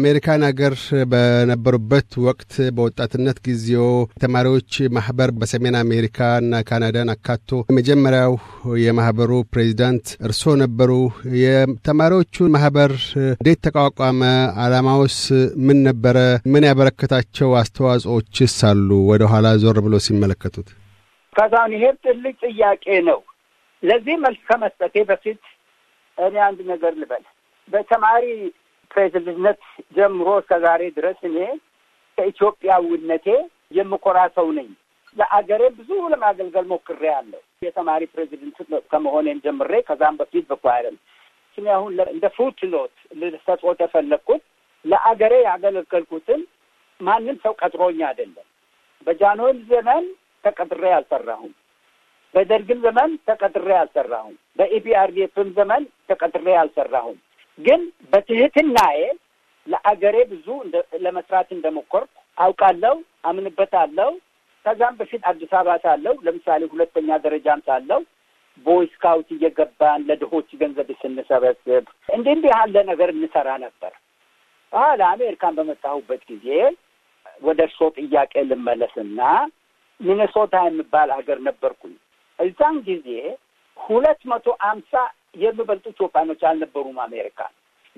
አሜሪካን አገር በነበሩበት ወቅት በወጣትነት ጊዜው ተማሪዎች ማህበር በሰሜን አሜሪካና ካናዳን አካቶ የመጀመሪያው የማህበሩ ፕሬዚዳንት እርስዎ ነበሩ። የተማሪዎቹ ማህበር እንዴት ተቋቋመ? አላማውስ ምን ነበረ? ምን ያበረከታቸው አስተዋጽኦችስ አሉ? ወደ ኋላ ዞር ብሎ ሲመለከቱት ከዛን ይሄ ትልቅ ጥያቄ ነው። ለዚህ መልስ ከመስጠቴ በፊት እኔ አንድ ነገር ልበል በተማሪ ፕሬዝደንትነት ጀምሮ እስከ ዛሬ ድረስ እኔ ከኢትዮጵያዊነቴ የምኮራ ሰው ነኝ። ለአገሬ ብዙ ለማገልገል ሞክሬ አለው። የተማሪ ፕሬዚደንት ከመሆኔም ጀምሬ ከዛም በፊት በኳይርም ስሜ አሁን እንደ ፉት ኖት ልሰጦት የፈለግኩት ለአገሬ ያገለገልኩትን ማንም ሰው ቀጥሮኝ አይደለም። በጃንሆይም ዘመን ተቀጥሬ አልሰራሁም። በደርግም ዘመን ተቀጥሬ አልሰራሁም። በኢፒአርዲኤፍም ዘመን ተቀጥሬ አልሰራሁም። ግን በትህትናዬ ለአገሬ ብዙ ለመስራት እንደሞከርኩ አውቃለሁ፣ አምንበታለሁ። ከዛም በፊት አዲስ አበባ ሳለው ለምሳሌ ሁለተኛ ደረጃም ሳለው ቦይስካውት እየገባን ለድሆች ገንዘብ ስንሰበስብ እንዲህ እንዲህ ያለ ነገር እንሰራ ነበር። በኋላ አሜሪካን በመጣሁበት ጊዜ ወደ እርሶ ጥያቄ ልመለስና ሚኔሶታ የሚባል ሀገር ነበርኩኝ። እዛን ጊዜ ሁለት መቶ አምሳ የሚበልጡ ኢትዮጵያኖች አልነበሩም አሜሪካ።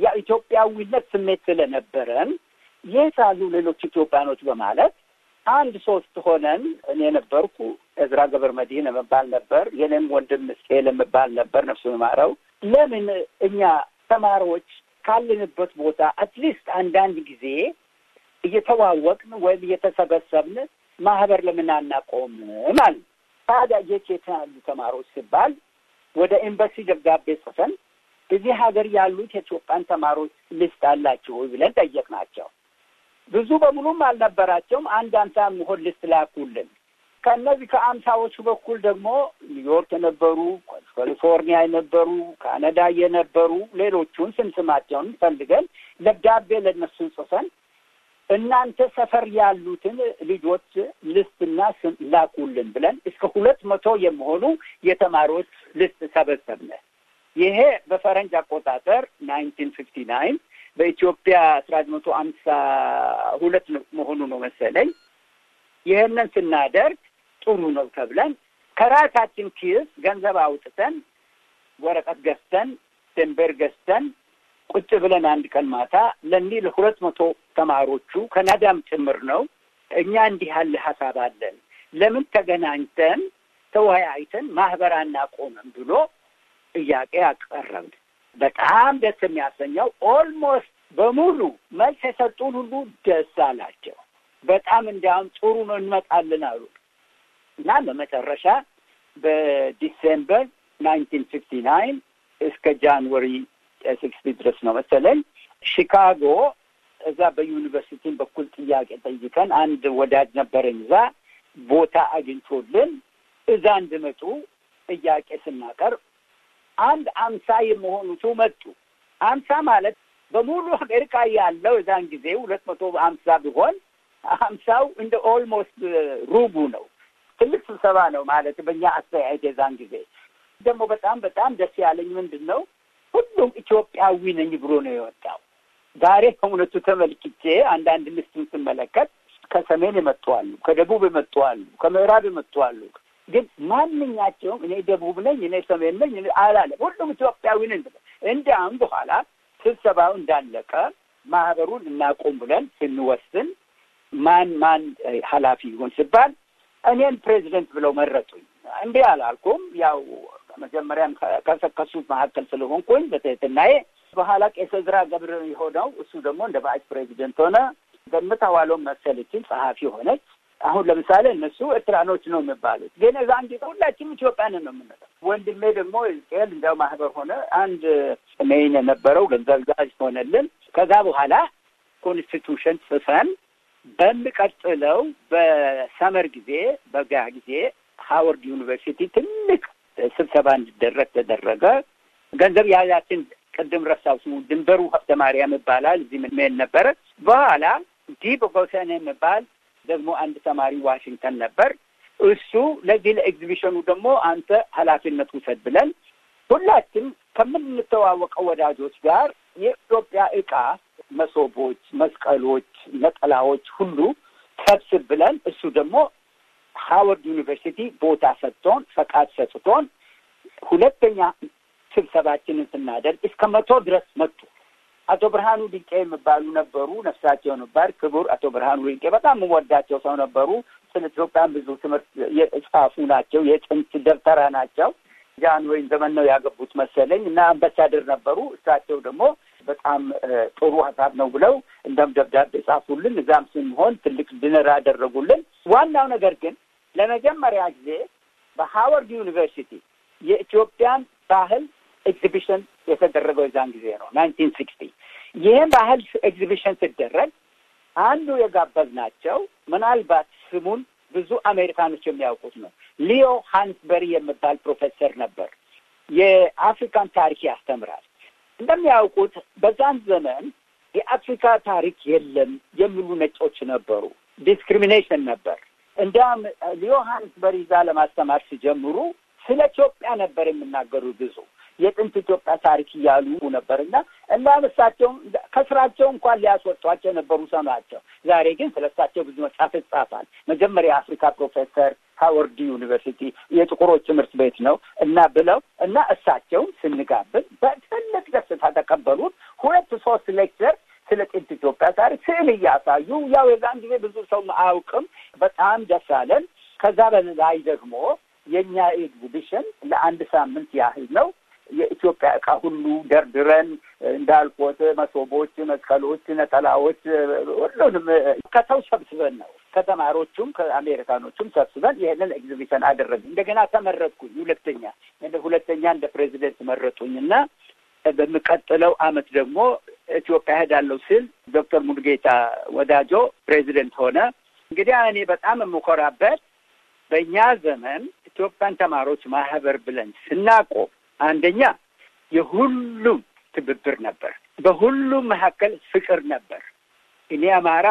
ያ ኢትዮጵያዊነት ስሜት ስለነበረን የት አሉ ሌሎች ኢትዮጵያኖች በማለት አንድ ሶስት ሆነን እኔ ነበርኩ፣ እዝራ ገብረ መድህን የምባል ነበር፣ የኔም ወንድም ስኬል የምባል ነበር ነፍሱ ይማረው። ለምን እኛ ተማሪዎች ካለንበት ቦታ አትሊስት አንዳንድ ጊዜ እየተዋወቅን ወይም እየተሰበሰብን ማህበር ለምን አናቆምም? አለ። ታዲያ የት የት ያሉ ተማሪዎች ሲባል ወደ ኤምባሲ ደብዳቤ ጽፈን እዚህ ሀገር ያሉት የኢትዮጵያን ተማሪዎች ሊስት አላችሁ ብለን ጠየቅናቸው። ብዙ በሙሉም አልነበራቸውም። አንድ አምሳ የሚሆን ሊስት ላኩልን። ከእነዚህ ከአምሳዎቹ በኩል ደግሞ ኒውዮርክ የነበሩ፣ ካሊፎርኒያ የነበሩ፣ ካናዳ የነበሩ ሌሎቹን ስንስማቸውን ፈልገን ደብዳቤ ለእነሱ ጽፈን እናንተ ሰፈር ያሉትን ልጆች ልስትና ስም ላኩልን ብለን እስከ ሁለት መቶ የሚሆኑ የተማሪዎች ልስት ሰበሰብነ። ይሄ በፈረንጅ አቆጣጠር ናይንቲን ፊፍቲ ናይን በኢትዮጵያ አስራ መቶ አምሳ ሁለት መሆኑ ነው መሰለኝ። ይህንን ስናደርግ ጥሩ ነው ተብለን ከራሳችን ኪስ ገንዘብ አውጥተን ወረቀት ገዝተን ደንበር ገዝተን ቁጭ ብለን አንድ ቀን ማታ ለእኒህ ለሁለት መቶ ተማሪዎቹ ከናዳም ጭምር ነው እኛ እንዲህ ያለ ሀሳብ አለን፣ ለምን ተገናኝተን ተወያይተን ማህበር አናቆምም ብሎ ጥያቄ አቀረብን። በጣም ደስ የሚያሰኘው ኦልሞስት በሙሉ መልስ የሰጡን ሁሉ ደስ አላቸው። በጣም እንዲያውም ጥሩ ነው እንመጣልን አሉ እና በመጨረሻ በዲሴምበር ናይንቲን ፊፍቲ ናይን እስከ ጃንዋሪ ሲክስቲ ድረስ ነው መሰለኝ ሺካጎ እዛ በዩኒቨርሲቲን በኩል ጥያቄ ጠይቀን አንድ ወዳጅ ነበረኝ እዛ ቦታ አግኝቶልን እዛ እንድመጡ ጥያቄ ስናቀርብ አንድ አምሳ የመሆኑቱ መጡ። አምሳ ማለት በሙሉ አሜሪካ ያለው የዛን ጊዜ ሁለት መቶ አምሳ ቢሆን አምሳው እንደ ኦልሞስት ሩቡ ነው። ትልቅ ስብሰባ ነው ማለት በእኛ አስተያየት የዛን ጊዜ ደግሞ በጣም በጣም ደስ ያለኝ ምንድን ነው ሁሉም ኢትዮጵያዊ ነኝ ብሎ ነው የወጣው። ዛሬ በእውነቱ ተመልክቼ አንዳንድ ልስትን ስመለከት ከሰሜን የመጡ አሉ፣ ከደቡብ የመጡ አሉ፣ ከምዕራብ የመጡ አሉ። ግን ማንኛቸውም እኔ ደቡብ ነኝ፣ እኔ ሰሜን ነኝ አላለም። ሁሉም ኢትዮጵያዊ ነን። ብለ እንዲያውም በኋላ ስብሰባው እንዳለቀ ማህበሩን እናቆም ብለን ስንወስን ማን ማን ኃላፊ ይሆን ሲባል እኔን ፕሬዚደንት ብለው መረጡኝ። እንዲህ አላልኩም ያው መጀመሪያም ከሰከሱት መካከል ስለሆንኩኝ በትህትናዬ በኋላ ቄስ ዕዝራ ገብረ የሆነው እሱ ደግሞ እንደ ቫይስ ፕሬዚደንት ሆነ። ገምት አዋሎም መሰለችን ጸሐፊ ሆነች። አሁን ለምሳሌ እነሱ ኤርትራኖች ነው የሚባሉት፣ ግን እዛ ጊዜ ሁላችንም ኢትዮጵያንን ነው የምንለው። ወንድሜ ደግሞ ዝቅል እንደ ማህበር ሆነ አንድ ሜይን የነበረው ገንዘብ ጋዝ ሆነልን። ከዛ በኋላ ኮንስቲቱሽን ጽፈን በሚቀጥለው በሰመር ጊዜ በጋ ጊዜ ሀዋርድ ዩኒቨርሲቲ ትልቅ ስብሰባ እንዲደረግ ተደረገ። ገንዘብ ያላችን ቅድም ረሳው ስሙ ድንበሩ ሀብተ ማርያም ይባላል። እዚህ ምን ነበረ። በኋላ ዲብ ጎሰን የሚባል ደግሞ አንድ ተማሪ ዋሽንግተን ነበር። እሱ ለዚህ ለኤግዚቢሽኑ ደግሞ አንተ ኃላፊነት ውሰድ ብለን ሁላችን ከምንተዋወቀው ወዳጆች ጋር የኢትዮጵያ እቃ መሶቦች፣ መስቀሎች፣ ነጠላዎች ሁሉ ሰብስብ ብለን እሱ ደግሞ ሀወርድ ዩኒቨርሲቲ ቦታ ሰጥቶን ፈቃድ ሰጥቶን ሁለተኛ ስብሰባችንን ስናደርግ እስከ መቶ ድረስ መጡ። አቶ ብርሃኑ ድንቄ የሚባሉ ነበሩ። ነፍሳቸው ነበር። ክቡር አቶ ብርሃኑ ድንቄ በጣም የምወዳቸው ሰው ነበሩ። ስለ ኢትዮጵያን ብዙ ትምህርት የጻፉ ናቸው። የጥንት ደብተራ ናቸው። ወይም ዘመን ነው ያገቡት መሰለኝ እና አምባሳደር ነበሩ። እሳቸው ደግሞ በጣም ጥሩ ሀሳብ ነው ብለው እንደም ደብዳቤ ጻፉልን። እዛም ስንሆን ትልቅ ድነር አደረጉልን። ዋናው ነገር ግን ለመጀመሪያ ጊዜ በሃዋርድ ዩኒቨርሲቲ የኢትዮጵያን ባህል ኤግዚቢሽን የተደረገው የዛን ጊዜ ነው ናይንቲን ሲክስቲ ይህም ባህል ኤግዚቢሽን ሲደረግ አንዱ ናቸው ምናልባት ስሙን ብዙ አሜሪካኖች የሚያውቁት ነው ሊዮ ሃንስበሪ የሚባል ፕሮፌሰር ነበር የአፍሪካን ታሪክ ያስተምራል እንደሚያውቁት በዛን ዘመን የአፍሪካ ታሪክ የለም የሚሉ ነጮች ነበሩ ዲስክሪሚኔሽን ነበር እንዲያም ዮሐንስበርግ ለማስተማር ሲጀምሩ ስለ ኢትዮጵያ ነበር የሚናገሩ ብዙ የጥንት ኢትዮጵያ ታሪክ እያሉ ነበርና እና እሳቸውም ከስራቸው እንኳን ሊያስወጧቸው የነበሩ ሰማቸው። ዛሬ ግን ስለ እሳቸው ብዙ መጽሐፍ ይጻፋል። መጀመሪያ የአፍሪካ ፕሮፌሰር ሃወርድ ዩኒቨርሲቲ የጥቁሮች ትምህርት ቤት ነው እና ብለው እና እሳቸውም ስንጋብል በትልቅ ደስታ ተቀበሉት። ሁለት ሶስት ሌክቸር ስለ ጥንት ኢትዮጵያ ታሪክ ስዕል እያሳዩ ያው የዛን ጊዜ ብዙ ሰው አያውቅም። በጣም ደስ አለን። ከዛ በላይ ደግሞ የእኛ ኤግዚቢሽን ለአንድ ሳምንት ያህል ነው። የኢትዮጵያ እቃ ሁሉ ደርድረን እንዳልኮት መሶቦች፣ መስቀሎች፣ ነጠላዎች ሁሉንም ከሰው ሰብስበን ነው ከተማሪዎቹም ከአሜሪካኖቹም ሰብስበን ይህንን ኤግዚቢሽን አደረግን። እንደገና ተመረጥኩኝ። ሁለተኛ ሁለተኛ እንደ ፕሬዚደንት መረጡኝ እና በሚቀጥለው አመት ደግሞ ኢትዮጵያ እሄዳለሁ ስል ዶክተር ሙሉጌታ ወዳጆ ፕሬዚደንት ሆነ። እንግዲህ እኔ በጣም የምኮራበት በእኛ ዘመን ኢትዮጵያን ተማሪዎች ማህበር ብለን ስናቆም አንደኛ የሁሉም ትብብር ነበር። በሁሉም መካከል ፍቅር ነበር። እኔ አማራ፣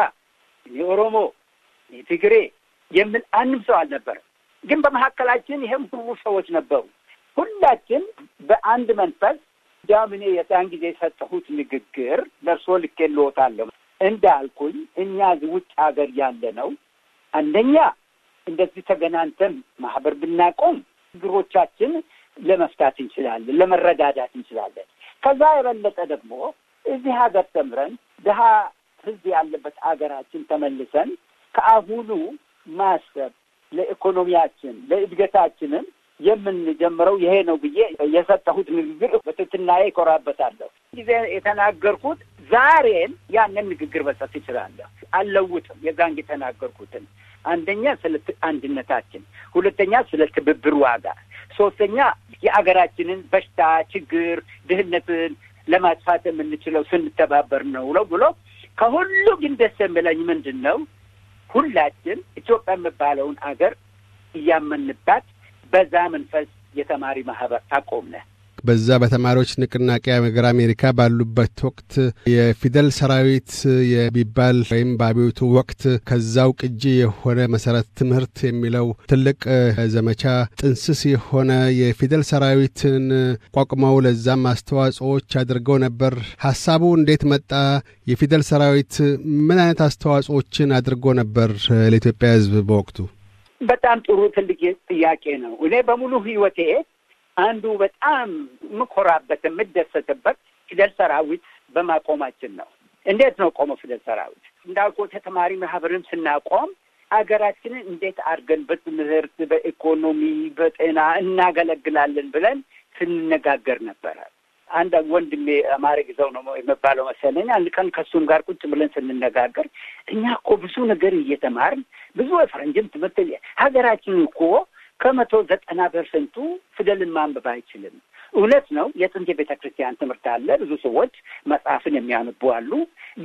እኔ ኦሮሞ፣ እኔ ትግሬ የምን አንድም ሰው አልነበረ። ግን በመካከላችን ይህም ሁሉ ሰዎች ነበሩ። ሁላችን በአንድ መንፈስ እንዲያውም እኔ የዛን ጊዜ የሰጠሁት ንግግር ልኬ ልኬልዎታለሁ። እንዳልኩኝ እኛ ውጭ ሀገር ያለ ነው አንደኛ እንደዚህ ተገናንተን ማህበር ብናቆም ችግሮቻችን ለመፍታት እንችላለን፣ ለመረዳዳት እንችላለን። ከዛ የበለጠ ደግሞ እዚህ ሀገር ተምረን ድሀ ህዝብ ያለበት ሀገራችን ተመልሰን ከአሁኑ ማሰብ ለኢኮኖሚያችን ለእድገታችንም የምንጀምረው ይሄ ነው ብዬ የሰጠሁት ንግግር በትትናዬ ይኮራበታለሁ። ጊዜ የተናገርኩት ዛሬን ያንን ንግግር መስጠት ይችላለሁ። አልለውጥም። የዛን የተናገርኩትን አንደኛ ስለ አንድነታችን፣ ሁለተኛ ስለ ትብብር ዋጋ፣ ሶስተኛ የአገራችንን በሽታ፣ ችግር፣ ድህነትን ለማጥፋት የምንችለው ስንተባበር ነው ለው ብሎ ከሁሉ ግን ደስ የሚለኝ ምንድን ነው? ሁላችን ኢትዮጵያ የምባለውን አገር እያመንባት በዛ መንፈስ የተማሪ ማህበር አቆምነ። በዛ በተማሪዎች ንቅናቄ ሀገር አሜሪካ ባሉበት ወቅት የፊደል ሰራዊት የቢባል ወይም በአብዮቱ ወቅት ከዛው ቅጂ የሆነ መሰረት ትምህርት የሚለው ትልቅ ዘመቻ ጥንስስ የሆነ የፊደል ሰራዊትን ቋቁመው ለዛም አስተዋጽኦዎች አድርገው ነበር። ሀሳቡ እንዴት መጣ? የፊደል ሰራዊት ምን አይነት አስተዋጽዎችን አድርጎ ነበር ለኢትዮጵያ ሕዝብ በወቅቱ? በጣም ጥሩ ትልቅ ጥያቄ ነው። እኔ በሙሉ ህይወቴ አንዱ በጣም የምኮራበት የምደሰትበት ፊደል ሰራዊት በማቆማችን ነው። እንዴት ነው ቆመ ፊደል ሰራዊት? እንዳልኩት ተተማሪ ማህበርም ስናቆም ሀገራችንን እንዴት አድርገን በትምህርት፣ በኢኮኖሚ፣ በጤና እናገለግላለን ብለን ስንነጋገር ነበረ። አንድ ወንድሜ ማድረግ ይዘው ነው የሚባለው መሰለኝ። አንድ ቀን ከሱም ጋር ቁጭ ብለን ስንነጋገር እኛ እኮ ብዙ ነገር እየተማርን ብዙ ፈረንጅም ትምህርት ሀገራችን እኮ ከመቶ ዘጠና ፐርሰንቱ ፊደልን ማንበብ አይችልም። እውነት ነው። የጥንት የቤተ ክርስቲያን ትምህርት አለ። ብዙ ሰዎች መጽሐፍን የሚያነቡ አሉ።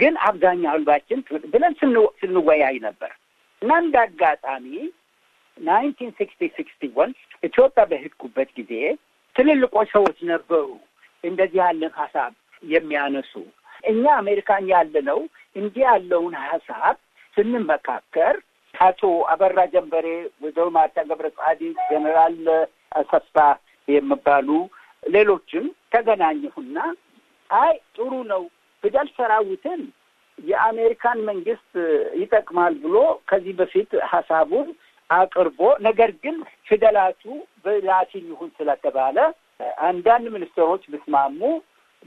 ግን አብዛኛው ህልባችን ብለን ስንወያይ ነበር እና እንደ አጋጣሚ ናይንቲን ሲክስቲ ሲክስቲ ወን ኢትዮጵያ በሄድኩበት ጊዜ ትልልቆች ሰዎች ነበሩ እንደዚህ ያለን ሀሳብ የሚያነሱ እኛ አሜሪካን ነው። እንዲህ ያለውን ሀሳብ ስንመካከር አቶ አበራ ጀንበሬ፣ ወይዘሮ ማርታ ገብረ ጻዲ፣ ጀኔራል አሰፋ የሚባሉ ሌሎችም ተገናኘሁና አይ ጥሩ ነው ፊደል ሰራዊትን የአሜሪካን መንግስት ይጠቅማል ብሎ ከዚህ በፊት ሀሳቡን አቅርቦ ነገር ግን ፊደላቱ በላቲን ይሁን ስለተባለ አንዳንድ ሚኒስትሮች ቢስማሙ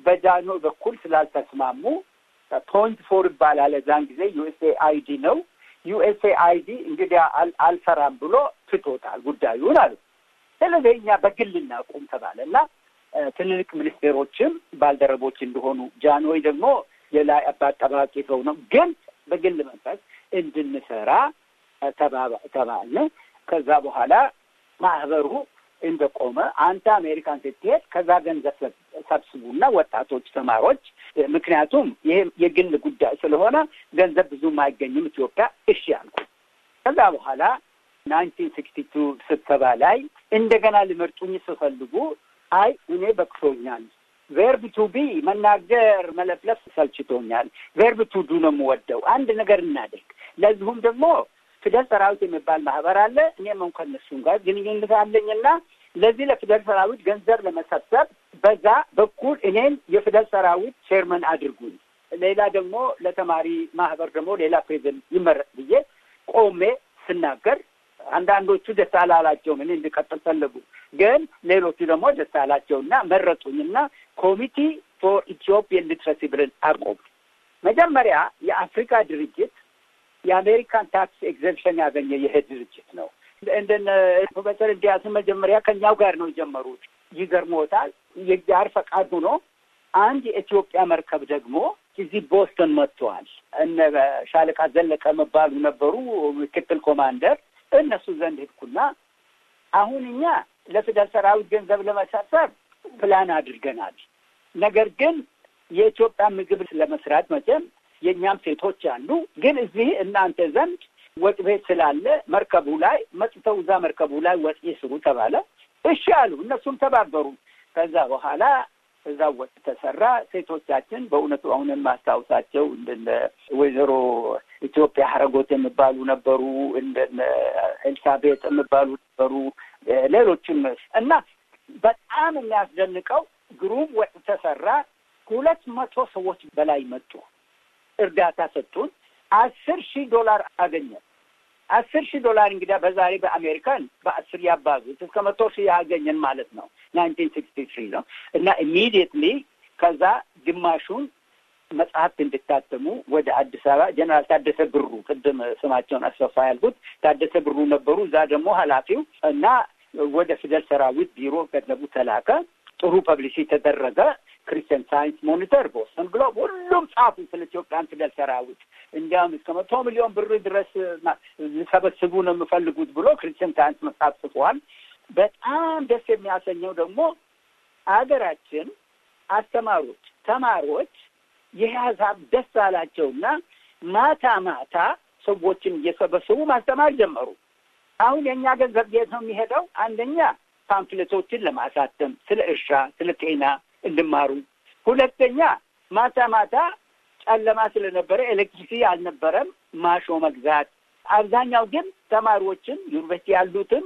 በጃኖ በኩል ስላልተስማሙ ፖይንት ፎር ይባላል። ዛን ጊዜ ዩኤስኤ አይዲ ነው። ዩኤስኤ አይዲ እንግዲህ አልሰራም ብሎ ትቶታል ጉዳዩን አሉ። ስለዚህ እኛ በግል እናቁም ተባለ እና ትልልቅ ሚኒስቴሮችም ባልደረቦች እንደሆኑ ጃንሆይ ደግሞ የላይ ጠባቂ ሰው ነው። ግን በግል መንፈስ እንድንሰራ ተባለ። ከዛ በኋላ ማህበሩ እንደቆመ አንተ አሜሪካን ስትሄድ ከዛ ገንዘብ ሰብስቡና ወጣቶች ተማሮች፣ ምክንያቱም ይሄ የግል ጉዳይ ስለሆነ ገንዘብ ብዙም አይገኝም ኢትዮጵያ። እሺ አልኩ። ከዛ በኋላ ናይንቲን ሲክስቲ ቱ ስብሰባ ላይ እንደገና ልመርጡኝ ስፈልጉ አይ እኔ በቅቶኛል፣ ቬርብ ቱ ቢ መናገር መለፍለፍ ሰልችቶኛል፣ ቬርብ ቱ ዱ ነው የምወደው። አንድ ነገር እናደርግ ለዚሁም ደግሞ ፊደል ሰራዊት የሚባል ማህበር አለ። እኔም እንኳን እነሱም ጋር ግንኙነት አለኝና ለዚህ ለፊደል ሰራዊት ገንዘብ ለመሰብሰብ በዛ በኩል እኔን የፊደል ሰራዊት ቼርመን አድርጉኝ፣ ሌላ ደግሞ ለተማሪ ማህበር ደግሞ ሌላ ፕሬዝን ይመረጥ ብዬ ቆሜ ስናገር አንዳንዶቹ ደስ አላላቸውም። እኔ እንድቀጥል ፈለጉ፣ ግን ሌሎቹ ደግሞ ደስ አላቸውና መረጡኝና ኮሚቲ ፎር ኢትዮጵያን ሊትረሲ ብለን አቆም። መጀመሪያ የአፍሪካ ድርጅት የአሜሪካን ታክስ ኤግዘምፕሽን ያገኘ ይሄ ድርጅት ነው። እንደነ ፕሮፌሰር እንዲያስ መጀመሪያ ከኛው ጋር ነው የጀመሩት። ይገርሞታል። የጋር ፈቃድ ሆኖ አንድ የኢትዮጵያ መርከብ ደግሞ እዚህ ቦስተን መጥተዋል። እነ ሻለቃ ዘለቀ መባሉ ነበሩ ምክትል ኮማንደር። እነሱ ዘንድ ሄድኩና አሁን እኛ ለፌደራል ሰራዊት ገንዘብ ለመሰብሰብ ፕላን አድርገናል። ነገር ግን የኢትዮጵያ ምግብ ለመስራት መቼም የእኛም ሴቶች አሉ። ግን እዚህ እናንተ ዘንድ ወጥ ቤት ስላለ መርከቡ ላይ መጥተው እዛ መርከቡ ላይ ወጥ ስሩ ተባለ። እሺ አሉ። እነሱም ተባበሩ። ከዛ በኋላ እዛ ወጥ ተሰራ። ሴቶቻችን በእውነቱ አሁንን ማስታውሳቸው እንደ ወይዘሮ ኢትዮጵያ ሀረጎት የሚባሉ ነበሩ፣ እንደ ኤልሳቤጥ የሚባሉ ነበሩ፣ ሌሎችም እና በጣም የሚያስደንቀው ግሩም ወጥ ተሰራ። ሁለት መቶ ሰዎች በላይ መጡ። እርዳታ ሰጡን። አስር ሺህ ዶላር አገኘ። አስር ሺህ ዶላር እንግዲያ በዛሬ በአሜሪካን በአስር ያባዙት እስከ መቶ ሺህ ያገኘን ማለት ነው። ናይንቲን ሲክስቲ ትሪ ነው እና ኢሚዲየትሊ ከዛ ግማሹን መጽሐፍት እንድታተሙ ወደ አዲስ አበባ ጀነራል ታደሰ ብሩ ቅድም ስማቸውን አስፋፋ ያልኩት ታደሰ ብሩ ነበሩ። እዛ ደግሞ ኃላፊው እና ወደ ፊደል ሰራዊት ቢሮ ገንዘቡ ተላከ። ጥሩ ፐብሊሲ ተደረገ። ክርስቲያን ሳይንስ ሞኒተር፣ ቦስተን ግሎብ ሁሉም ጻፉ ስለ ኢትዮጵያን ትግል ሰራዊት እንዲያውም እስከ መቶ ሚሊዮን ብር ድረስ ሊሰበስቡ ነው የምፈልጉት ብሎ ክርስቲያን ሳይንስ መጽሐፍ ጽፏል። በጣም ደስ የሚያሰኘው ደግሞ አገራችን አስተማሮች፣ ተማሪዎች ይህ ሀሳብ ደስ አላቸውና ማታ ማታ ሰዎችን እየሰበሰቡ ማስተማር ጀመሩ። አሁን የእኛ ገንዘብ የት ነው የሚሄደው? አንደኛ ፓምፍሌቶችን ለማሳተም ስለ እርሻ፣ ስለ ጤና፣ እንድማሩ፣ ሁለተኛ ማታ ማታ ጨለማ ስለነበረ ኤሌክትሪሲ አልነበረም ማሾ መግዛት። አብዛኛው ግን ተማሪዎችን ዩኒቨርሲቲ ያሉትን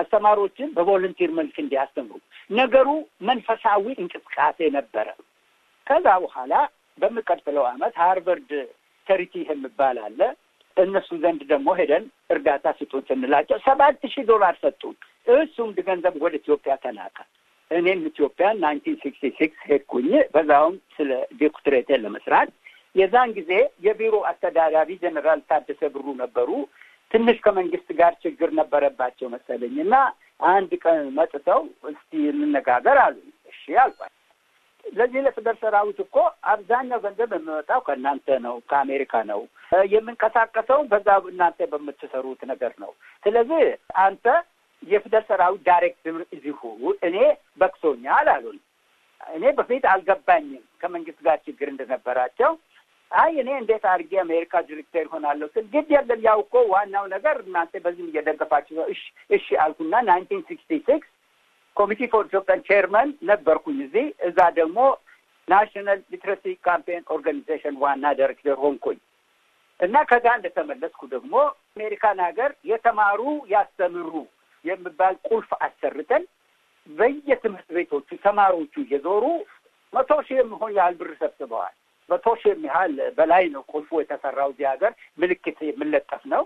አስተማሪዎችን በቮለንቲር መልክ እንዲያስተምሩ ነገሩ መንፈሳዊ እንቅስቃሴ ነበረ። ከዛ በኋላ በሚቀጥለው ዓመት ሃርቨርድ ተሪቲ የሚባል አለ። እነሱ ዘንድ ደግሞ ሄደን እርዳታ ስጡን ስንላቸው ሰባት ሺህ ዶላር ሰጡን። እሱም ገንዘብ ወደ ኢትዮጵያ ተላከ። እኔም ኢትዮጵያ ናይንቲን ሲክስቲ ሲክስ ሄድኩኝ። በዛውም ስለ ዴኩትሬቴ ለመስራት የዛን ጊዜ የቢሮ አስተዳዳሪ ጀኔራል ታደሰ ብሩ ነበሩ። ትንሽ ከመንግስት ጋር ችግር ነበረባቸው መሰለኝ እና አንድ ቀን መጥተው እስቲ እንነጋገር አሉ። እሺ አልኳል። ለዚህ ለፌደራል ሰራዊት እኮ አብዛኛው ገንዘብ የሚመጣው ከእናንተ ነው፣ ከአሜሪካ ነው። የምንቀሳቀሰው በዛ እናንተ በምትሰሩት ነገር ነው። ስለዚህ አንተ የፊደል ሰራዊት ዳይሬክተር እዚሁ እኔ በክሶኛል አሉን። እኔ በፊት አልገባኝም ከመንግስት ጋር ችግር እንደነበራቸው። አይ እኔ እንዴት አድርጌ የአሜሪካ ዲሬክተር ይሆናለሁ ስል ግድ የለም ያው እኮ ዋናው ነገር እናንተ በዚህም እየደገፋችሁ ነው። እሺ እሺ አልኩና ናይንቲን ሲክስቲ ሲክስ ኮሚቴ ፎር ኢትዮጵያን ቼርመን ነበርኩኝ እዚህ እዛ ደግሞ ናሽናል ሊትረሲ ካምፔን ኦርጋኒዜሽን ዋና ዳይሬክተር ሆንኩኝ እና ከዛ እንደተመለስኩ ደግሞ አሜሪካን ሀገር የተማሩ ያስተምሩ የሚባል ቁልፍ አሰርተን በየትምህርት ቤቶቹ ተማሪዎቹ እየዞሩ መቶ ሺህ የሚሆን ያህል ብር ሰብስበዋል። መቶ ሺህ የሚያህል በላይ ነው። ቁልፉ የተሰራው እዚህ ሀገር ምልክት የሚለጠፍ ነው።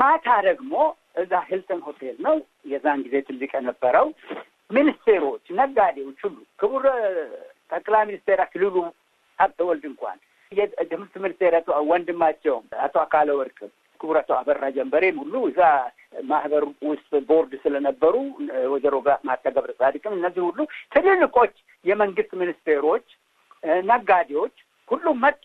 ማታ ደግሞ እዛ ሂልተን ሆቴል ነው የዛን ጊዜ ትልቅ የነበረው ሚኒስቴሮች፣ ነጋዴዎች ሁሉ ክቡር ጠቅላይ ሚኒስቴር አክሊሉ ሀብተወልድ እንኳን የትምህርት ሚኒስቴር ወንድማቸውም አቶ አካለ ወርቅም ክቡራቱ አበራ ጀንበሬም ሁሉ እዛ ማህበር ውስጥ ቦርድ ስለነበሩ ወይዘሮ ማርታ ገብረ ጻድቅም እነዚህ ሁሉ ትልልቆች የመንግስት ሚኒስቴሮች፣ ነጋዴዎች ሁሉም መጡ።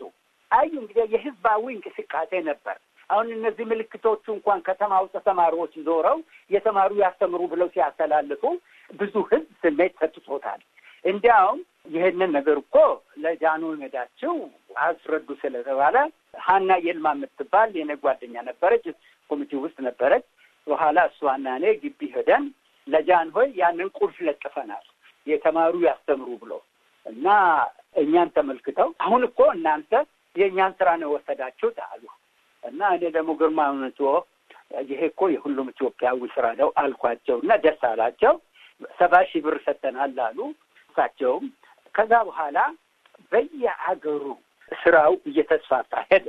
አዩ እንግዲህ የህዝባዊ እንቅስቃሴ ነበር። አሁን እነዚህ ምልክቶቹ እንኳን ከተማ ውስጥ ተማሪዎች ዞረው የተማሩ ያስተምሩ ብለው ሲያስተላልፉ ብዙ ህዝብ ስሜት ሰጥቶታል። እንዲያውም ይህንን ነገር እኮ ለጃኖ ሜዳቸው አስረዱ ስለተባለ ሀና የልማ የምትባል የኔ ጓደኛ ነበረች፣ ኮሚቴ ውስጥ ነበረች። በኋላ እሷና እኔ ግቢ ሄደን ለጃን ሆይ ያንን ቁልፍ ለጥፈናል የተማሩ ያስተምሩ ብሎ እና እኛን ተመልክተው አሁን እኮ እናንተ የእኛን ስራ ነው ወሰዳችሁት አሉ እና እኔ ደግሞ ግርማ ምንቶ ይሄ እኮ የሁሉም ኢትዮጵያዊ ስራ ነው አልኳቸው እና ደስ አላቸው። ሰባ ሺህ ብር ሰጥተናል አሉ እሳቸውም። ከዛ በኋላ በየአገሩ ስራው እየተስፋፋ ሄደ።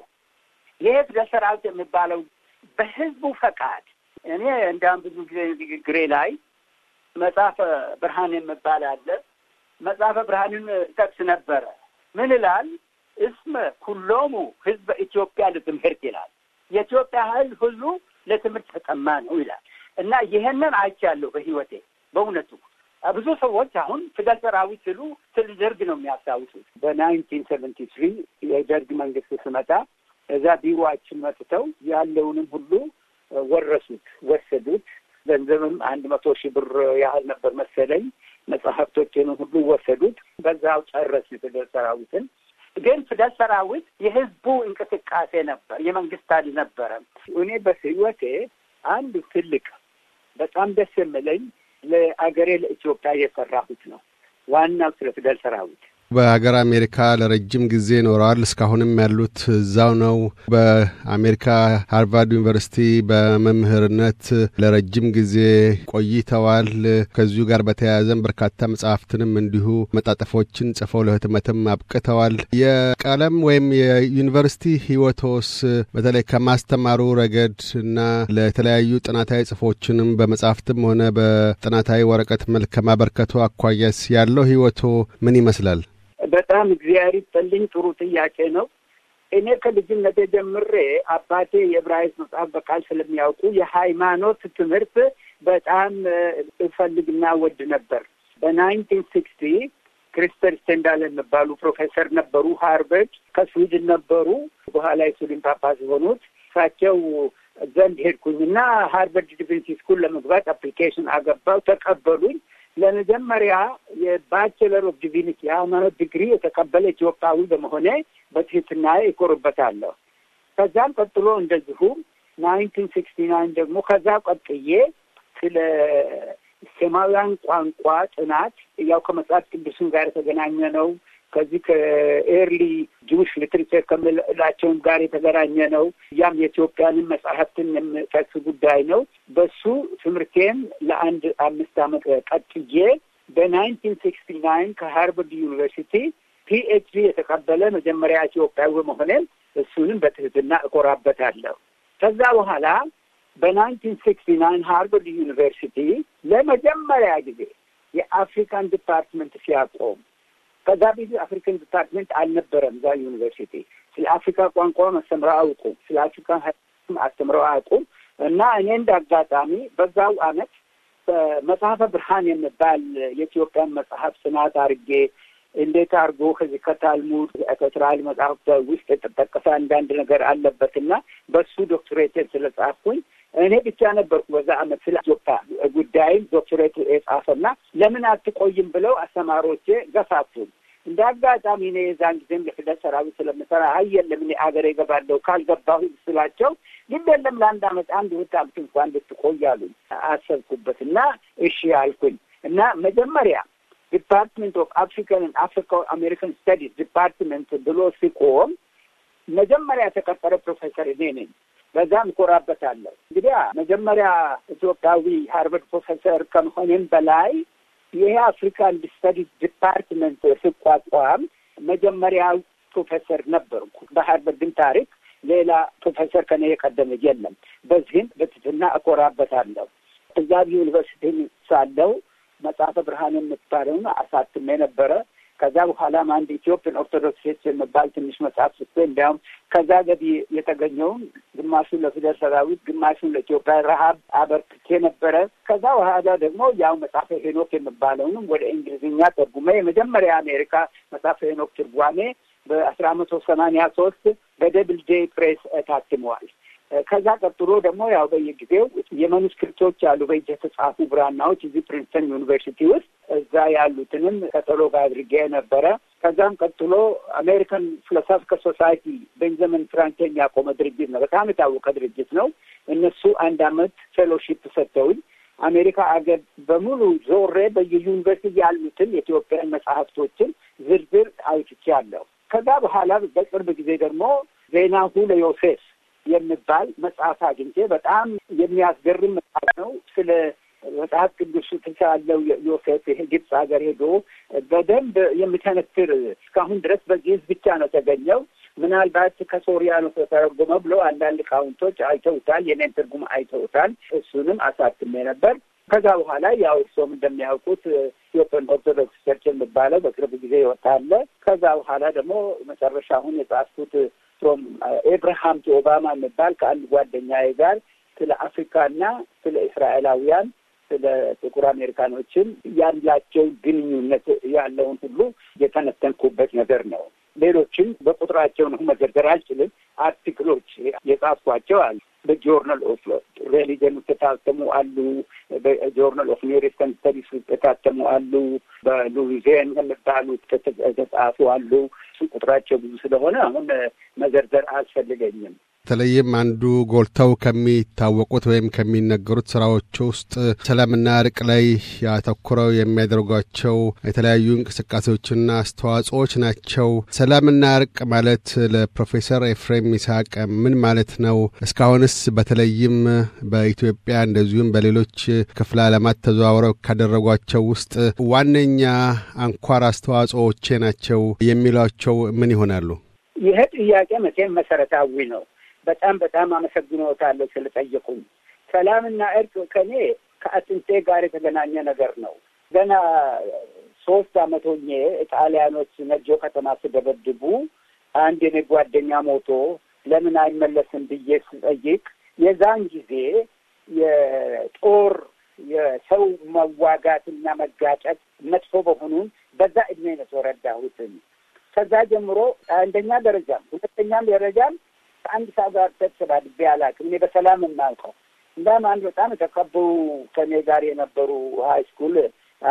የህዝብ ለሰራዊት የሚባለው በህዝቡ ፈቃድ እኔ እንዲያውም ብዙ ጊዜ ንግግሬ ላይ መጽሐፈ ብርሃን የሚባል አለ። መጽሐፈ ብርሃንን ጠቅስ ነበረ። ምን ይላል? እስመ ኩሎሙ ህዝበ ኢትዮጵያ ለትምህርት ይላል። የኢትዮጵያ ህዝብ ሁሉ ለትምህርት ተጠማ ነው ይላል እና ይሄንን አይቻለሁ በህይወቴ በእውነቱ ብዙ ሰዎች አሁን ፊደል ሰራዊት ሲሉ ስል ደርግ ነው የሚያስታውሱት። በናይንቲን ሰቨንቲ ትሪ የደርግ መንግስት ስመጣ እዛ ቢሮአችን መጥተው ያለውንም ሁሉ ወረሱት፣ ወሰዱት። ገንዘብም አንድ መቶ ሺህ ብር ያህል ነበር መሰለኝ። መጽሐፍቶችንም ሁሉ ወሰዱት። በዛው ጨረስ ፊደል ሰራዊትን። ግን ፊደል ሰራዊት የህዝቡ እንቅስቃሴ ነበር፣ የመንግስት አልነበረም። እኔ በህይወቴ አንድ ትልቅ በጣም ደስ የምለኝ ለአገሬ ለኢትዮጵያ የሰራሁት ነው። ዋናው ፊደል ሰራዊት በሀገር አሜሪካ ለረጅም ጊዜ ኖረዋል። እስካሁንም ያሉት እዛው ነው። በአሜሪካ ሃርቫርድ ዩኒቨርሲቲ በመምህርነት ለረጅም ጊዜ ቆይተዋል። ከዚሁ ጋር በተያያዘም በርካታ መጽሐፍትንም እንዲሁ መጣጠፎችን ጽፈው ለህትመትም አብቅተዋል። የቀለም ወይም የዩኒቨርሲቲ ህይወቶስ በተለይ ከማስተማሩ ረገድ እና ለተለያዩ ጥናታዊ ጽፎችንም በመጽሐፍትም ሆነ በጥናታዊ ወረቀት መልክ ከማበርከቱ አኳያስ ያለው ህይወቶ ምን ይመስላል? በጣም እግዚአብሔር ይስጥልኝ። ጥሩ ጥያቄ ነው። እኔ ከልጅነቴ ጀምሬ አባቴ የዕብራይስጥ መጽሐፍ በቃል ስለሚያውቁ የሃይማኖት ትምህርት በጣም እፈልግና ወድ ነበር። በናይንቲን ሲክስቲ ክሪስተር ስቴንዳል የሚባሉ ፕሮፌሰር ነበሩ፣ ሃርቨርድ ከስዊድን ነበሩ። በኋላ የስዊድን ጳጳስ የሆኑት እሳቸው ዘንድ ሄድኩኝ እና ሃርቨርድ ዲቪኒቲ ስኩል ለመግባት አፕሊኬሽን አገባው፣ ተቀበሉኝ። ለመጀመሪያ የባችለር ኦፍ ዲቪኒቲ የሃይማኖት ዲግሪ የተቀበለ ኢትዮጵያዊ በመሆኔ በትህትና ይኮርበታለሁ። ከዛም ቀጥሎ እንደዚሁ ናይንቲን ሲክስቲ ናይን ደግሞ ከዛ ቀጥዬ ስለ ሴማውያን ቋንቋ ጥናት ያው ከመጽሐፍ ቅዱስም ጋር የተገናኘ ነው። ከዚህ ከኤርሊ ጁዊሽ ሊትሪቸር ከምላቸውም ጋር የተገናኘ ነው። ያም የኢትዮጵያንን መጽሐፍትን የሚጠቅስ ጉዳይ ነው። በሱ ትምህርቴን ለአንድ አምስት ዓመት ቀጥዬ በናይንቲን ሲክስቲ ናይን ከሃርቨርድ ዩኒቨርሲቲ ፒኤችዲ የተቀበለ መጀመሪያ ኢትዮጵያዊ መሆኔን እሱንም በትህትና እኮራበታለሁ። ከዛ በኋላ በናይንቲን ሲክስቲ ናይን ሃርቨርድ ዩኒቨርሲቲ ለመጀመሪያ ጊዜ የአፍሪካን ዲፓርትመንት ሲያቆም ከዛ ቤዚ አፍሪካን ዲፓርትመንት አልነበረም። እዛ ዩኒቨርሲቲ ስለ አፍሪካ ቋንቋ አስተምረው አያውቁም። ስለ አፍሪካ አስተምረው አያውቁም። እና እኔ እንደ አጋጣሚ በዛው አመት መጽሐፈ ብርሃን የሚባል የኢትዮጵያን መጽሐፍ ስናት አድርጌ እንዴት አድርጎ ከዚህ ከታልሙድ ከእስራኤል መጽሐፍ ውስጥ የተጠቀሰ አንዳንድ ነገር አለበትና በሱ ዶክትሬቴን ስለጻፍኩኝ እኔ ብቻ ነበርኩ በዛ አመት ስለ ኢትዮጵያ ጉዳይም ዶክትሬቱ የጻፈና ለምን አትቆይም ብለው አስተማሪዎቼ ገፋፉኝ። እንደ አጋጣሚ እኔ የዛን ጊዜም ለክህደት ሰራዊት ስለምሰራ አይ የለም እኔ አገር እገባለሁ ካልገባሁ ስላቸው ግን የለም ለአንድ አመት አንድ ሁለት አመት እንኳን ልትቆይ አሉኝ። አሰብኩበት እና እሺ አልኩኝ እና መጀመሪያ ዲፓርትመንት ኦፍ አፍሪካን አፍሪካ አሜሪካን ስታዲስ ዲፓርትመንት ብሎ ሲቆም መጀመሪያ የተቀጠረ ፕሮፌሰር እኔ ነኝ። በዛም እኮራበታለሁ። እንግዲያ መጀመሪያ ኢትዮጵያዊ ሃርቨርድ ፕሮፌሰር ከመሆኔም በላይ ይሄ አፍሪካን ስተዲስ ዲፓርትመንት ሲቋቋም መጀመሪያ ፕሮፌሰር ነበርኩ። በሃርቨርድን ታሪክ ሌላ ፕሮፌሰር ከኔ የቀደመ የለም። በዚህም በትትና እኮራበታለሁ። እዛ ዩኒቨርሲቲን ሳለው መጽሐፈ ብርሃን የምትባለውን አሳትሜ ነበረ። ከዛ በኋላም አንድ ኢትዮጵያን ኦርቶዶክስ ሴት የሚባል ትንሽ መጽሐፍ ስቶ እንዲያውም ከዛ ገቢ የተገኘውን ግማሹን ለፊደል ሰራዊት፣ ግማሹን ለኢትዮጵያ ረሀብ አበርክቼ ነበረ። ከዛ በኋላ ደግሞ ያው መጽሐፈ ሄኖክ የሚባለውንም ወደ እንግሊዝኛ ተርጉመ የመጀመሪያ አሜሪካ መጽሐፈ ሄኖክ ትርጓሜ በአስራ መቶ ሰማኒያ ሶስት በደብል ጄ ፕሬስ ታትመዋል። ከዛ ቀጥሎ ደግሞ ያው በየጊዜው የመኑስክሪፕቶች ያሉ በእጅ የተጻፉ ብራናዎች እዚህ ፕሪንስተን ዩኒቨርሲቲ ውስጥ እዛ ያሉትንም ከተሎግ አድርጌ ነበረ። ከዛም ቀጥሎ አሜሪካን ፊሎሶፊካል ሶሳይቲ ቤንጃሚን ፍራንክሊን ያቆመ ድርጅት ነው። በጣም የታወቀ ድርጅት ነው። እነሱ አንድ አመት ፌሎሺፕ ሰጥተውኝ አሜሪካ አገር በሙሉ ዞሬ በየዩኒቨርሲቲ ያሉትን የኢትዮጵያን መጽሐፍቶችን ዝርዝር አለሁ። ከዛ በኋላ በቅርብ ጊዜ ደግሞ ዜናሁ ለዮሴፍ የሚባል መጽሐፍ አግኝቼ በጣም የሚያስገርም መጽሐፍ ነው ስለ መጽሐፍ ቅዱስ ትቻለው ዮሴፍ ግብፅ ሀገር ሄዶ በደንብ የሚተነትር እስካሁን ድረስ በግዕዝ ብቻ ነው ተገኘው። ምናልባት ከሶሪያ ነው ተተረጎመ ብሎ አንዳንድ ካውንቶች አይተውታል። የኔን ትርጉም አይተውታል። እሱንም አሳትሜ ነበር። ከዛ በኋላ ያው እርስዎም እንደሚያውቁት ኢትዮጵያን ኦርቶዶክስ ቸርች የሚባለው በቅርብ ጊዜ ይወጣል። ከዛ በኋላ ደግሞ መጨረሻ አሁን የጻፍኩት ፍሮም ኤብርሃም ቱ ኦባማ የሚባል ከአንድ ጓደኛዬ ጋር ስለ አፍሪካና ስለ እስራኤላውያን ስለ ጥቁር አሜሪካኖችን ያላቸው ግንኙነት ያለውን ሁሉ የተነተንኩበት ነገር ነው። ሌሎችም በቁጥራቸው ነው መዘርዘር አልችልም። አርቲክሎች የጻፍኳቸው አሉ። በጆርናል ኦፍ ሬሊጀን ውስጥ አሉ። በጆርናል ኦፍ አሜሪካን ስተዲስ ውስጥ አሉ። በሉዊዜን የሚባሉት የተጻፉ አሉ። ቁጥራቸው ብዙ ስለሆነ አሁን መዘርዘር አያስፈልገኝም። በተለይም አንዱ ጎልተው ከሚታወቁት ወይም ከሚነገሩት ስራዎች ውስጥ ሰላምና እርቅ ላይ ያተኩረው የሚያደርጓቸው የተለያዩ እንቅስቃሴዎችና አስተዋጽዎች ናቸው። ሰላምና እርቅ ማለት ለፕሮፌሰር ኤፍሬም ይስሐቅ ምን ማለት ነው? እስካሁንስ በተለይም በኢትዮጵያ እንደዚሁም በሌሎች ክፍለ ዓለማት ተዘዋውረው ካደረጓቸው ውስጥ ዋነኛ አንኳር አስተዋጽኦዎቼ ናቸው የሚሏቸው ምን ይሆናሉ? ይህ ጥያቄ መቼም መሰረታዊ ነው። በጣም በጣም አመሰግኖታለሁ ስለጠየቁኝ። ሰላምና እርቅ ከኔ ከአጥንቴ ጋር የተገናኘ ነገር ነው። ገና ሶስት አመት ሆኜ ጣሊያኖች ነጆ ከተማ ስደበድቡ አንድ የኔ ጓደኛ ሞቶ ለምን አይመለስም ብዬ ስጠይቅ የዛን ጊዜ የጦር የሰው መዋጋትና መጋጨት መጥፎ በሆኑን በዛ እድሜ ነው የተረዳሁትን። ከዛ ጀምሮ አንደኛ ደረጃም ሁለተኛም ደረጃም አንድ ሰው ጋር ተሰዳድቤ አላውቅም። እኔ በሰላም የማውቀው እንዳም አንድ በጣም የተከበሩ ከኔ ጋር የነበሩ ሀይ ስኩል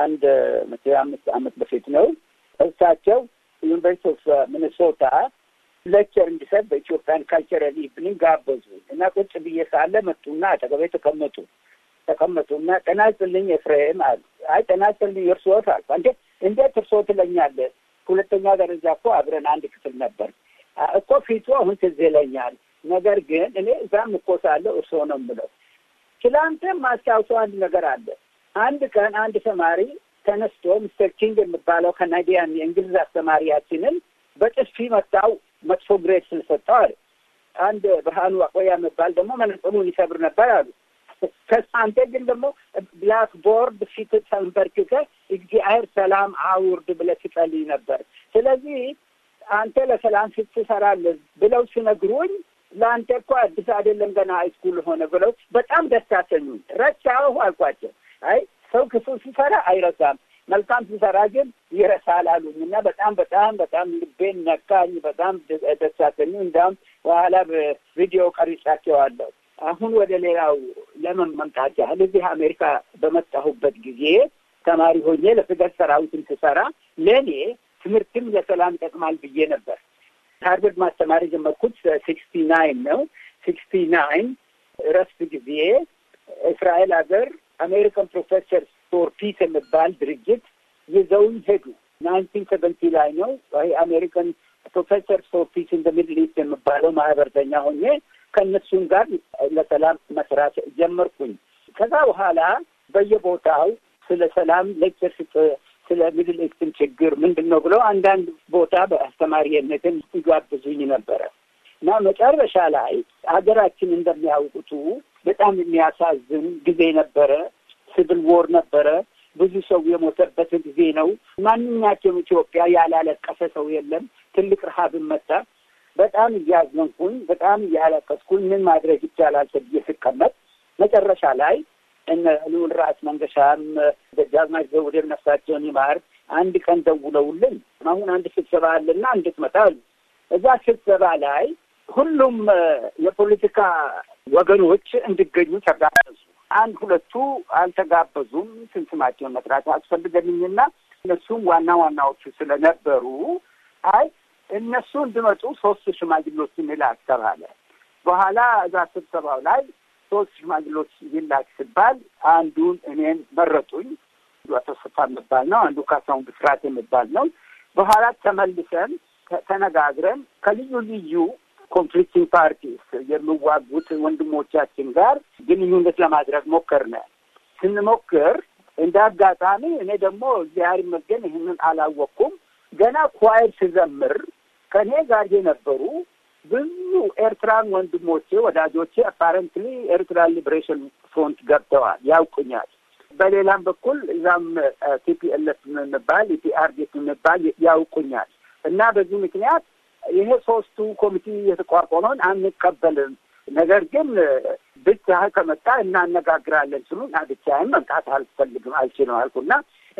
አንድ መቼ አምስት አመት በፊት ነው እሳቸው ዩኒቨርሲቲ ኦፍ ሚኒሶታ ሌክቸር እንዲሰጥ በኢትዮጵያን ካልቸራል ኢቭኒንግ ጋበዙ እና ቁጭ ብዬ ሳለ መጡና አጠገቤ ተቀመጡ ተቀመጡና ጤና ይስጥልኝ ኤፍሬም አሉ። አይ ጤና ይስጥልኝ እርስዎት አልኩ። እንዴት እርስዎ ትለኛለህ? ሁለተኛ ደረጃ እኮ አብረን አንድ ክፍል ነበር እኮ ፊቱ አሁን ትዝ ይለኛል። ነገር ግን እኔ እዛም እኮ ሳለሁ እርስዎ ነው የምለው። ትላንትም ማስታውሶ አንድ ነገር አለ። አንድ ቀን አንድ ተማሪ ተነስቶ ሚስተር ኪንግ የሚባለው ከናዲያን የእንግሊዝ አስተማሪያችንን በጥፊ መታው፣ መጥፎ ግሬድ ስለሰጠው አለ። አንድ ብርሃኑ አቆያ የሚባል ደግሞ መነጽሩን ይሰብር ነበር አሉ። ከሳንቴ ግን ደግሞ ብላክ ቦርድ ፊት ተንበርክከ እግዚአብሔር ሰላም አውርድ ብለህ ትጸልይ ነበር። ስለዚህ አንተ ለሰላም ስትሰራለን ብለው ሲነግሩኝ ለአንተ እኮ አዲስ አይደለም ገና ሃይስኩል ሆነ ብለው በጣም ደስ አሰኙኝ። ረሳሁ አልኳቸው። አይ ሰው ክፉ ሲሰራ አይረሳም፣ መልካም ሲሰራ ግን ይረሳል አሉኝ እና በጣም በጣም በጣም ልቤን ነካኝ። በጣም ደስ አሰኙ። እንዳውም በኋላ ቪዲዮ ቀርጫቸዋለሁ። አሁን ወደ ሌላው ለምን መምጣት ያህል እዚህ አሜሪካ በመጣሁበት ጊዜ ተማሪ ሆኜ ለፍገት ሰራዊትን ስሰራ ለእኔ ትምህርትም ለሰላም ይጠቅማል ብዬ ነበር። ሃርቨርድ ማስተማር የጀመርኩት ሲክስቲ ናይን ነው። ሲክስቲ ናይን እረፍት ጊዜ እስራኤል ሀገር አሜሪካን ፕሮፌሰር ፎር ፒስ የሚባል ድርጅት ይዘውን ሄዱ። ናይንቲን ሰቨንቲ ላይ ነው ይ አሜሪካን ፕሮፌሰር ፎር ፒስ ኢን ዘ ሚድል ኢስት የሚባለው ማህበርተኛ ሆኜ ከእነሱም ጋር ለሰላም መስራት ጀመርኩኝ። ከዛ በኋላ በየቦታው ስለ ሰላም ሌክቸር ስጥ ስለ ሚድል ኢስትን ችግር ምንድን ነው ብለው አንዳንድ ቦታ በአስተማሪነትን ይጋብዙኝ ነበረ እና መጨረሻ ላይ ሀገራችን እንደሚያውቁቱ በጣም የሚያሳዝን ጊዜ ነበረ። ሲቪል ዎር ነበረ። ብዙ ሰው የሞተበት ጊዜ ነው። ማንኛቸውም ኢትዮጵያ ያላለቀሰ ሰው የለም። ትልቅ ረሀብን መታ። በጣም እያዘንኩኝ፣ በጣም እያለቀስኩኝ ምን ማድረግ ይቻላል ብዬ ስቀመጥ መጨረሻ ላይ እነ ልዑል ራስ መንገሻም ደጃዝማች ዘውዴም ነፍሳቸውን ይማር አንድ ቀን ደውለውልን አሁን አንድ ስብሰባ አለና እንድትመጣ አሉ። እዛ ስብሰባ ላይ ሁሉም የፖለቲካ ወገኖች እንዲገኙ ተጋበዙ። አንድ ሁለቱ አልተጋበዙም። ስንስማቸውን መጥራት አስፈልገንኝና እነሱም ዋና ዋናዎቹ ስለነበሩ አይ እነሱ እንድመጡ ሶስት ሽማግሌዎችን እንላክ ተባለ። በኋላ እዛ ስብሰባው ላይ ሶስት ሽማግሎች ይላክ ሲባል አንዱን እኔን መረጡኝ። አቶ ሰፋ የሚባል ነው፣ አንዱ ካሳሁን ብስራት የሚባል ነው። በኋላ ተመልሰን ተነጋግረን ከልዩ ልዩ ኮንፍሊክቲንግ ፓርቲስ የሚዋጉት ወንድሞቻችን ጋር ግንኙነት ለማድረግ ሞከርን። ስንሞክር እንደ አጋጣሚ እኔ ደግሞ እግዚአብሔር ይመስገን ይህንን አላወቅኩም። ገና ኳይር ስዘምር ከእኔ ጋር የነበሩ ብዙ ኤርትራን ወንድሞቼ ወዳጆቼ አፓረንትሊ ኤርትራ ሊብሬሽን ፍሮንት ገብተዋል ያውቁኛል። በሌላም በኩል እዛም ቲፒኤልኤፍ የሚባል ኢፒአርዴት የሚባል ያውቁኛል እና በዚህ ምክንያት ይሄ ሶስቱ ኮሚቴ የተቋቋመውን አንቀበልም፣ ነገር ግን ብቻ ከመጣ እናነጋግራለን ስሉ ስሉን ብቻዬን መምጣት አልፈልግም አልችልም አልኩና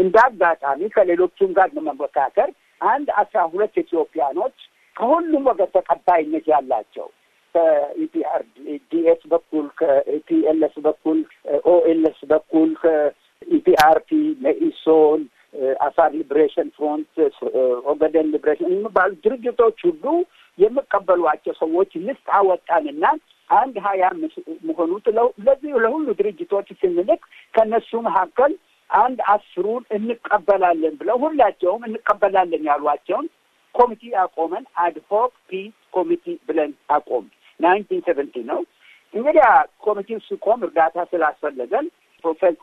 እንደ አጋጣሚ ከሌሎቹም ጋር ለመመካከር አንድ አስራ ሁለት ኢትዮጵያኖች ከሁሉም ወገን ተቀባይነት ያላቸው ከኢፒአርዲኤስ በኩል ከኢፒኤልኤስ በኩል ኦኤልኤስ በኩል ከኢፒአርፒ መኢሶን፣ አፋር ሊብሬሽን ፍሮንት፣ ኦገደን ሊብሬሽን የሚባሉ ድርጅቶች ሁሉ የሚቀበሏቸው ሰዎች ልስት አወጣንና አንድ ሀያ መሆኑ ለዚህ ለሁሉ ድርጅቶች ስንልክ ከእነሱ መካከል አንድ አስሩን እንቀበላለን ብለው ሁላቸውም እንቀበላለን ያሏቸውን ኮሚቲ አቆመን። አድሆክ ፒስ ኮሚቲ ብለን አቆም ናይንቲን ሰቨንቲ ነው እንግዲያ ኮሚቲው ሲቆም እርዳታ ስላስፈለገን ፕሮፌሰር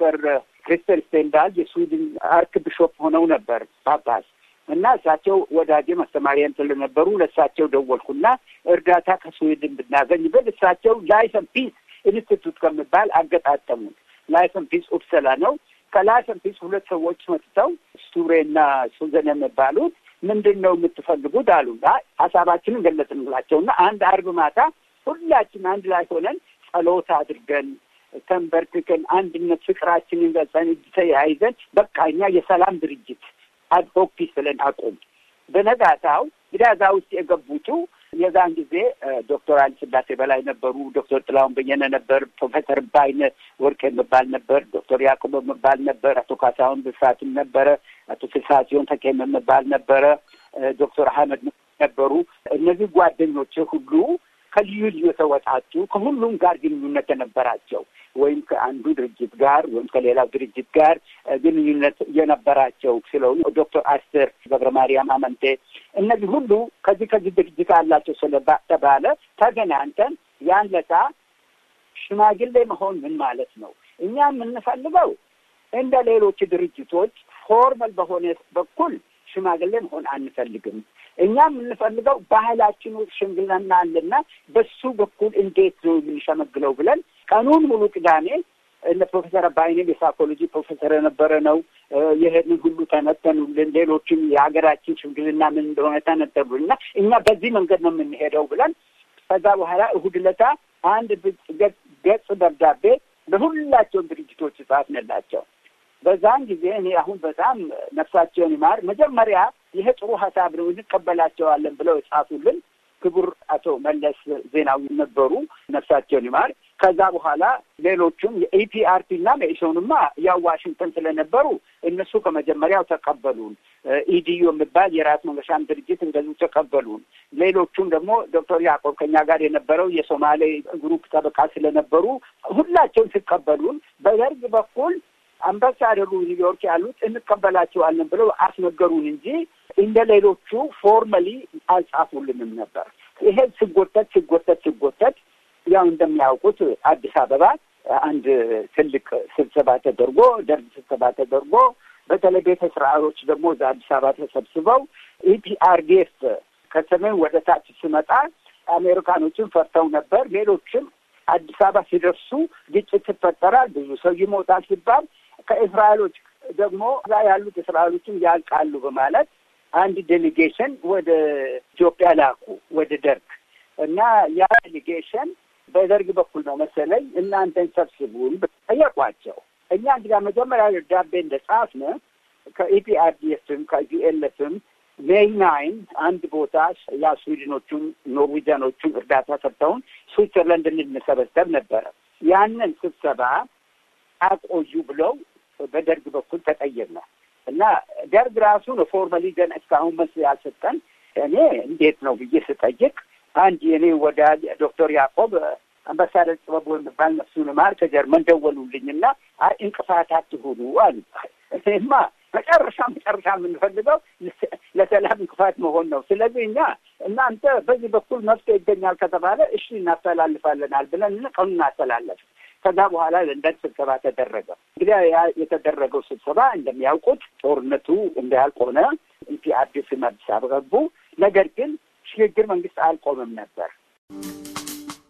ክሪስተር ስቴንዳል የስዊድን አርክ ቢሾፕ ሆነው ነበር ጳጳስ እና እሳቸው ወዳጄ ማስተማሪያን ስለነበሩ ለእሳቸው ደወልኩና እርዳታ ከስዊድን ብናገኝ ብል እሳቸው ላይሰን ፒስ ኢንስቲቱት ከሚባል አገጣጠሙን። ላይሰን ፒስ ኡፕሰላ ነው። ከላይሰን ፒስ ሁለት ሰዎች መጥተው ስቱሬና ሱዘን የሚባሉት ምንድን ነው የምትፈልጉት አሉና ሀሳባችንን ገለጽንላቸው እና አንድ አርብ ማታ ሁላችን አንድ ላይ ሆነን ጸሎት አድርገን ተንበርክከን አንድነት ፍቅራችንን ገጸን እጅ ተያይዘን በቃ እኛ የሰላም ድርጅት አድቮክ ፒስ ብለን አቆም። በነጋታው ግዳዛ ውስጥ የገቡቱ የዛን ጊዜ ዶክተር አንድ ስላሴ በላይ ነበሩ። ዶክተር ጥላሁን በየነ ነበር። ፕሮፌሰር ባይነ ወርቅ የምባል ነበር። ዶክተር ያዕቆብ የምባል ነበር። አቶ ካሳሁን ብስራትም ነበረ። አቶ ስልሳሲዮን ተኬም የምባል ነበረ። ዶክተር አህመድ ነበሩ። እነዚህ ጓደኞች ሁሉ ከልዩ ልዩ የተወጣጡ ከሁሉም ጋር ግንኙነት የነበራቸው ወይም ከአንዱ ድርጅት ጋር ወይም ከሌላው ድርጅት ጋር ግንኙነት የነበራቸው ስለሆኑ ዶክተር አስተር ገብረ ማርያም አመንቴ እነዚህ ሁሉ ከዚህ ከዚህ ድርጅት አላቸው ስለተባለ ተገናኝተን ያን ለታ ሽማግሌ መሆን ምን ማለት ነው? እኛ የምንፈልገው እንደ ሌሎች ድርጅቶች ፎርመል በሆነ በኩል ሽማግሌ መሆን አንፈልግም። እኛ የምንፈልገው ባህላችን ውስጥ ሽምግልና አለና በሱ በኩል እንዴት ነው የምንሸመግለው ብለን ቀኑን ሙሉ ቅዳሜ እነ ፕሮፌሰር አባይኔም የሳይኮሎጂ ፕሮፌሰር የነበረ ነው። ይህንን ሁሉ ተነተኑልን። ሌሎችም የሀገራችን ሽምግልና ምን እንደሆነ ተነተኑልን እና እኛ በዚህ መንገድ ነው የምንሄደው ብለን ከዛ በኋላ እሁድ ለታ አንድ ገጽ ደብዳቤ ለሁላቸውን ድርጅቶች ጻፍንላቸው። በዛን ጊዜ እኔ አሁን በጣም ነፍሳቸውን ይማር መጀመሪያ ይሄ ጥሩ ሀሳብ ነው እንቀበላቸዋለን ብለው የጻፉልን ክቡር አቶ መለስ ዜናዊ ነበሩ። ነፍሳቸውን ይማር። ከዛ በኋላ ሌሎቹም የኢፒአርፒ እና መኢሶንማ ያው ዋሽንግተን ስለነበሩ እነሱ ከመጀመሪያው ተቀበሉን። ኢዲዩ የሚባል የራስ መንገሻን ድርጅት እንደዚሁ ተቀበሉን። ሌሎቹም ደግሞ ዶክተር ያዕቆብ ከኛ ጋር የነበረው የሶማሌ ግሩፕ ጠበቃ ስለነበሩ ሁላቸውን ሲቀበሉን፣ በደርግ በኩል አምባሳደሩ ኒውዮርክ ያሉት እንቀበላቸዋለን ብለው አስነገሩን እንጂ እንደ ሌሎቹ ፎርመሊ አልጻፉልንም ነበር። ይሄ ሲጎተት ሲጎተት ሲጎተት ያው እንደሚያውቁት አዲስ አበባ አንድ ትልቅ ስብሰባ ተደርጎ ደርግ ስብሰባ ተደርጎ በተለይ ቤተ እስራኤሎች ደግሞ እዛ አዲስ አበባ ተሰብስበው ኢፒአርዲኤፍ ከሰሜን ወደ ታች ሲመጣ አሜሪካኖችን ፈርተው ነበር። ሌሎችም አዲስ አበባ ሲደርሱ ግጭት ይፈጠራል፣ ብዙ ሰው ይሞታል ሲባል ከእስራኤሎች ደግሞ እዛ ያሉት እስራኤሎችም ያልቃሉ በማለት አንድ ዴሊጌሽን ወደ ኢትዮጵያ ላኩ ወደ ደርግ እና ያ ዴሊጌሽን በደርግ በኩል ነው መሰለኝ እናንተን ሰብስቡን ጠየቋቸው። እኛ እንግዲህ መጀመሪያ ደብዳቤ እንደጻፍን ከኢፒአርዲኤፍም ከዩኤልኤፍም ሜይ ናይን አንድ ቦታ ያ ስዊድኖቹን ኖርዊጃኖቹን እርዳታ ሰጥተውን ስዊትዘርላንድ እንድንሰበሰብ ነበረ። ያንን ስብሰባ አቆዩ ብለው በደርግ በኩል ተጠየቅነ እና ደርግ ራሱ ነው ፎርማሊ ገና እስካሁን መልስ ያልሰጠን። እኔ እንዴት ነው ብዬ ስጠይቅ አንድ የኔ ወዳጅ ዶክተር ያዕቆብ አምባሳደር ጥበቡ የሚባል ነፍሱ ይማር ከጀርመን ደወሉልኝ ደወሉልኝና እንቅፋት አትሁኑ አሉ። እኔማ መጨረሻ መጨረሻ የምንፈልገው ለሰላም እንቅፋት መሆን ነው። ስለዚህ እኛ እናንተ በዚህ በኩል መፍትሄ ይገኛል ከተባለ እሺ እናስተላልፋለናል ብለን ቀኑ እናስተላለፍ ከዛ በኋላ ለንደን ስብሰባ ተደረገ። እንግዲህ ያ የተደረገው ስብሰባ እንደሚያውቁት ጦርነቱ እንዳያልቅ ሆነ እንጂ አዲስ መልስ አበቡ። ነገር ግን ሽግግር መንግስት አልቆምም ነበር።